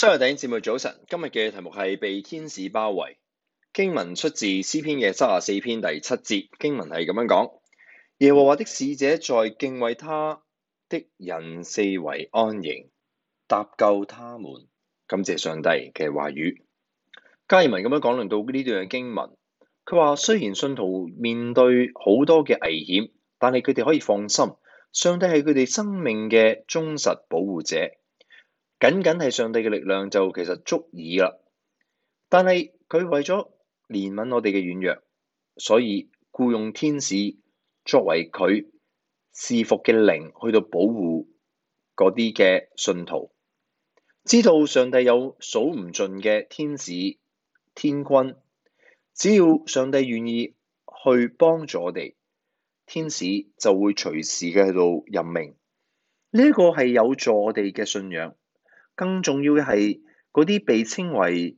今日第一節目，早晨。今日嘅題目係被天使包圍。經文出自詩篇嘅三十四篇第七節，經文係咁樣講：耶和華的使者在敬畏祂的人四圍安營，搭救他們。感謝上帝嘅話語。加爾文咁樣講，論到呢段嘅經文，佢話雖然信徒面對好多嘅危險，但係佢哋可以放心，上帝係佢哋生命嘅忠實保護者。僅僅係上帝嘅力量就其實足矣啦。但係佢為咗憐憫我哋嘅軟弱，所以僱傭天使作為佢侍奉嘅靈去到保護嗰啲嘅信徒。知道上帝有數唔盡嘅天使天軍，只要上帝願意去幫助我哋，天使就會隨時嘅喺度任命。呢一個係有助我哋嘅信仰。更重要嘅係嗰啲被稱為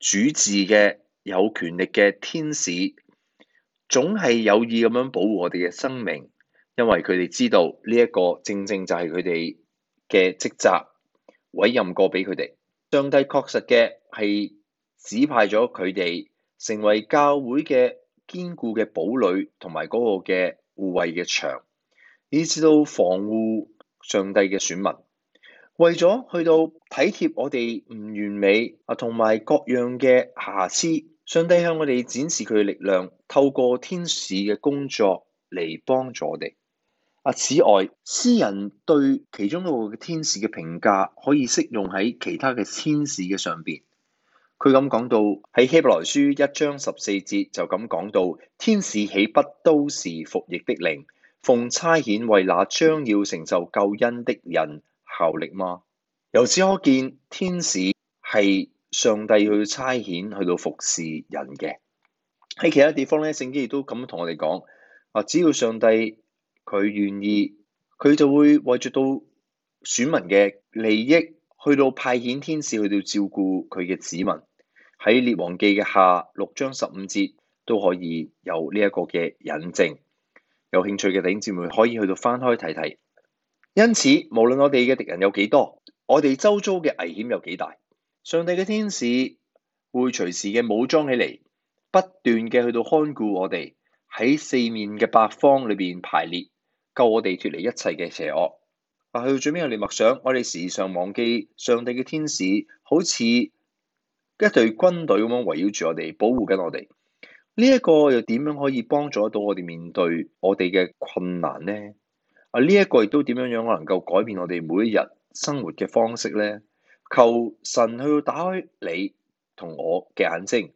主治嘅有權力嘅天使，總係有意咁樣保護我哋嘅生命，因為佢哋知道呢一個正正就係佢哋嘅職責，委任過俾佢哋。上帝確實嘅係指派咗佢哋成為教會嘅堅固嘅堡壘同埋嗰個嘅護衛嘅牆，以致到防護上帝嘅選民。為咗去到體貼我哋唔完美啊，同埋各樣嘅瑕疵，上帝向我哋展示佢嘅力量，透過天使嘅工作嚟幫助我哋。啊，此外，詩人對其中一個天使嘅評價可以適用喺其他嘅天使嘅上邊。佢咁講到喺希伯來書一章十四節就咁講到：天使豈不都是服役的靈，奉差遣為那將要成就救恩的人？效力嘛？由此可見，天使係上帝去差遣去到服侍人嘅。喺其他地方咧，聖經亦都咁同我哋講：啊，只要上帝佢願意，佢就會為著到選民嘅利益，去到派遣天使去到照顧佢嘅子民。喺列王記嘅下六章十五節都可以有呢一個嘅引證。有興趣嘅弟兄姊妹可以去到翻開睇睇。因此，無論我哋嘅敵人有幾多，我哋周遭嘅危險有幾大，上帝嘅天使會隨時嘅武裝起嚟，不斷嘅去到看顧我哋，喺四面嘅八方裏邊排列，救我哋脫離一切嘅邪惡。但去到最尾，我哋默想，我哋時常忘記上帝嘅天使好似一隊軍隊咁樣圍繞住我哋，保護緊我哋。呢一個又點樣可以幫助得到我哋面對我哋嘅困難呢？啊，呢一個亦都點樣樣我能夠改變我哋每一日生活嘅方式呢？求神去打開你同我嘅眼睛，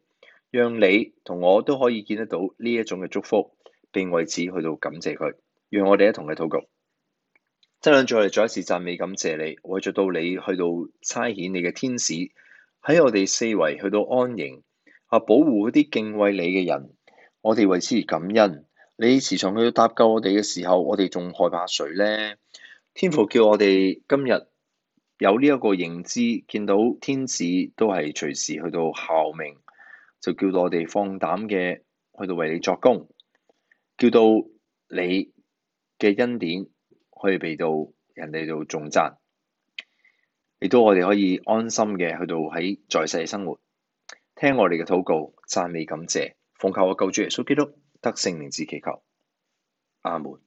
讓你同我都可以見得到呢一種嘅祝福，並為此去到感謝佢。讓我哋一同去禱告。真主啊！我哋再一次讚美感謝你，為著到你去到差遣你嘅天使喺我哋四圍去到安營啊，保護嗰啲敬畏你嘅人，我哋為此而感恩，你時常去搭救我哋嘅時候，我哋仲害怕誰呢？天父叫我哋今日有呢一個認知，見到天使都係隨時去到效命，就叫到我哋放膽嘅去到為你作功，叫到你嘅恩典可以畀到人哋度頌讚，亦都我哋可以安心嘅去到喺在世嘅生活，聽我哋嘅禱告，讚美感謝，奉靠我救主耶穌基督，得勝名字祈求，阿門。